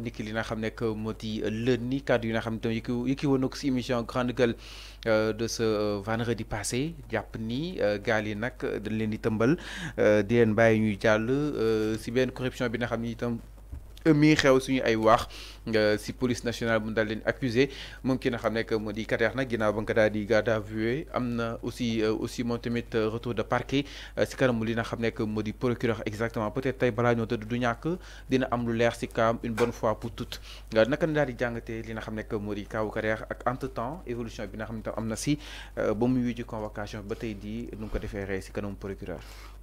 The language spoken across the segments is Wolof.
niki li nga xam que moo di lën ni yi nga xam ne yi ki woon émission grande gueule euh, de ce euh, vendredi passé japp ni euh, gal yi nak dañ leen di tëmbal di len baye ñuy jall ci ben corruption bi nga xam tam mi xew suñu ay wax euh, si police nationale bu daal accusé moom ki n'a xam ne que moo di Kader nag ginnaaw ba nga daal amna aussi euh, aussi moom tamit euh, retour de parquet si kanamu li n'a xam ne que moo di procureur exactement peut-être tey balaa ñoo tëdd du ñàkk dina am lu leer si kaam une bonne fois pour toutes naka na daal di li n'a xam ne que moo di kaawu Kader ak entre temps évolution bi nga xam ne am na si ba mu wuyu ci convocation ba tey di nu mu ko defee rey si kanamu procureur.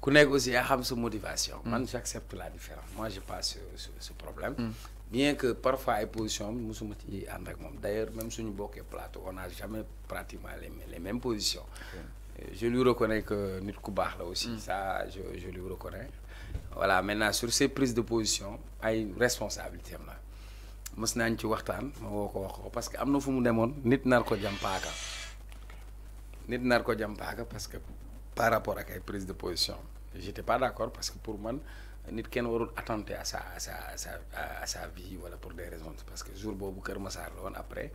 ku nekk aussi yaa motivation. Moi, mm. j'accepte la différence moi n'ai pas ce problème. Mm. bien que parfois les positions am ci d'ailleurs même suñu bokkee plateau on n'a jamais pratiquement les mêmes positions. Euh, je lui reconnais que nit sommes baax la aussi. Mm. ça je je lui reconnais. voilà maintenant sur ces prises de position il y une une responsabilité. Je ci en train de parce que nous sommes des gens qui nit sont pas jam paaka ne nar pas jam parce que par rapport à la prise de position j'étais pas d'accord parce que pour man nit kenn warul attenter à sa à sa à sa à sa vie voilà pour des raisons parce que jour où je Massar après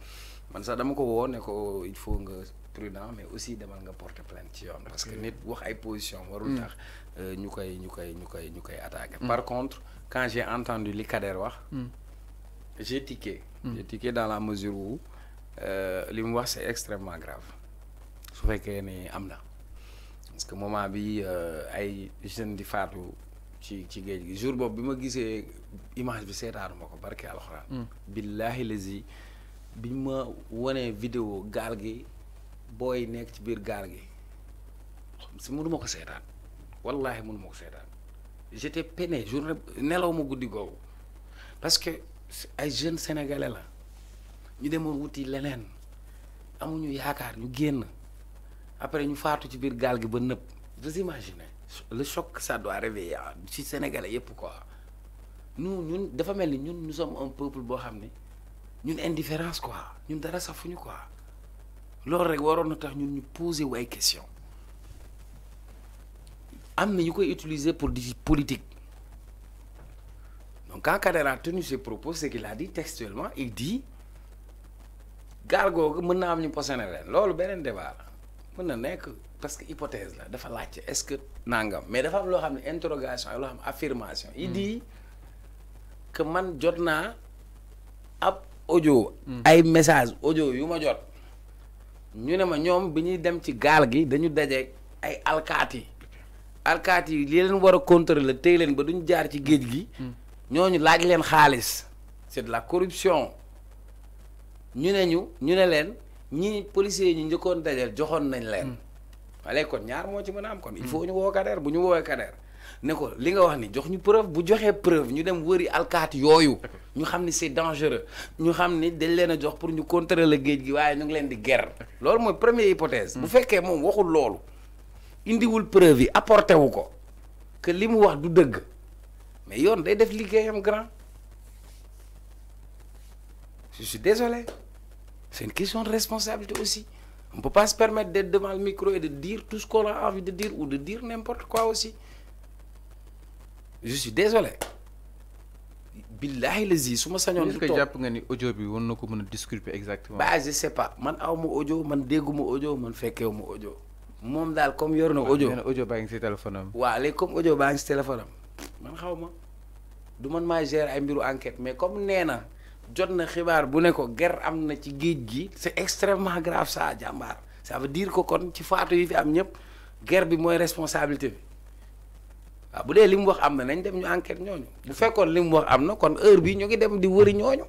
man ça dama ko woo ne ko il faut nga prudent mais aussi de porter plainte ci parce que nit wax ay position warul hmm. tax euh, ñu koy nous koy ñu hmm. par contre quand j'ai entendu les Kader wax hmm. j'ai tiqué j'ai tiqué dans la mesure où euh, les c'est extrêmement grave su fekkee ni amna. parce que moment bi euh, ay jeunes di faatu ci ci géej gi jour boobu bi ma gisee image bi seetaanu ko barke alxuraan. Hmm. billaahi lazi bi ma wonee vidéo gaal gi booy nekk ci biir gaal gi si mënuma ko seetaan wallaahi mënuma ko seetaan j'étais peiné journée nelaw ma guddi googu parce que ay jeunes sénégalais la ñu demoon wuti leneen amuñu yaakaar ñu génn. après ñu faatu ci biir gaal de ba vous imaginez le choc que ça doit réveiller hein, ci sénégalais pourquoi quoi nous ñun dafa nous sommes un peuple boo xam une indifférence quoi ñun dara safuñu quoi nous rek nous na tax ñun ñu poser wu question am na koy pour des politique donc quand Kader a tenu ses propos ce qu'il a dit textuellement il dit gaal je ne suis am ñu posé na leen loolu débat mën na nekk parce que hypothèse la dafa laajte est-ce que nangam mais dafa am loo xam ne interrogation yi loo xam affirmation il hmm. dit que man jot naa ab audio hmm. ay message audio yu ma jot ñu ne ma ñoom bi ñuy dem ci gaal gi dañu daje ay alkaat alkaati yi li leen war a la tey leen ba duñu jaar ci géej gi hmm. ñooñu laaj leen xaalis c'est la corruption ñu ne ñu ñu ne leen ni policiers yi sont dit dajal joxoon les hmm. ñaar Ils ci kon. il faut hmm. ñu Kader bu ñu on Kader. ne ni preuve bu joxee preuve ñu dem c'est dangereux. Nous avons ni dañ pour ñu contrôler le di guerre. loolu première hypothèse. bu hmm. fekkee moom waxul indi wul preuve que sont mu du mais yoon day def grand. je suis désolé. C'est une question de responsabilité aussi. On ne peut pas se permettre d'être devant le micro et de dire tout ce qu'on a envie de dire ou de dire n'importe quoi aussi. Je suis désolé. Billahi si je Est-ce que bah, je sais pas man audio man audio man audio. comme audio téléphone téléphone man man gérer ay mbiru mais comme jot na xibaar bu ne ko ger am na ci géej gi c'est extrêmement grave saa jàmbaar ça veut dire que kon ci faatu yi fi am ñëpp ger bi mooy responsabilité bi waaw bu dee li mu wax am na nañ dem ñu enquête ñooñu bu fekkoon li mu wax am na kon heure bi ñu ngi dem di wëri ñooñu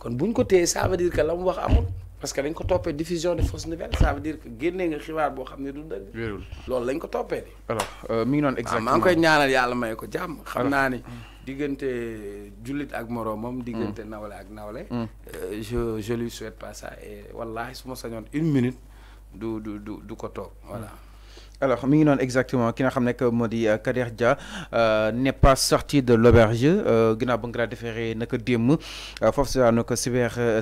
kon buñ ko téyee ça veut dire la mu wax amul parce que dañ ko toppee diffusion de fausses nouvelles ça veut dire que génnee nga xibaar boo xam ne du dëgg. loolu lañ ko toppee de. alors euh, mi ngi noonu exactement ah, maa ngi koy ñaanal yàlla may ko jàmm. xam naa ni hmm. diggante jullit ak moroomam. diggante hmm. nawle ak nawle. Hmm. Euh, je je lui souhaite pas et wallaahi su ma sañoon une minute du du du du ko toog voilà. alors nous ngi exactement ki nga xam euh, Kader Dia euh, n'est pas sorti de l'auberge euh, ginnaaw ba nga ko daan defeeree naka démb foofu si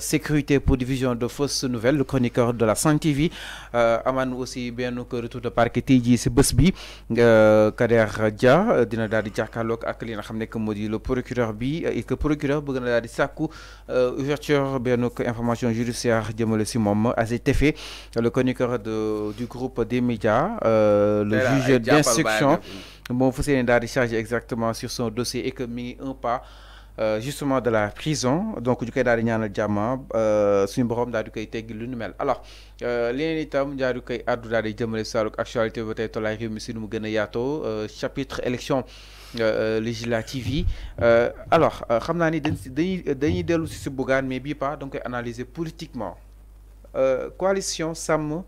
sécurité pour division de fausses nouvelles le chroniqueur de la Sen TV amaan aussi benn ko retour de parquet tey jii si bés bi Kader Dia dina daal di jàkkaarloog ak li le procureur bi et que procureur bëgg na daal ouverture benn ko information judiciaire jëmale si moom à le chroniqueur de du groupe des médias. Euh, le juge d'instruction bon, vous savez daal exactement sur son dossier et que mis un pas euh, justement de la prison donc du koy daal le ñaanal jàmm euh, suñu borom daal di koy lu nu mel alors les itam daal di à du daal di jëmale saaluk actualité ba tey la réew mi si nu yato chapitre élection législative alors xam dernier ni dañ si dañuy dañuy dellu mais bii pas donc analyser politiquement coalition sam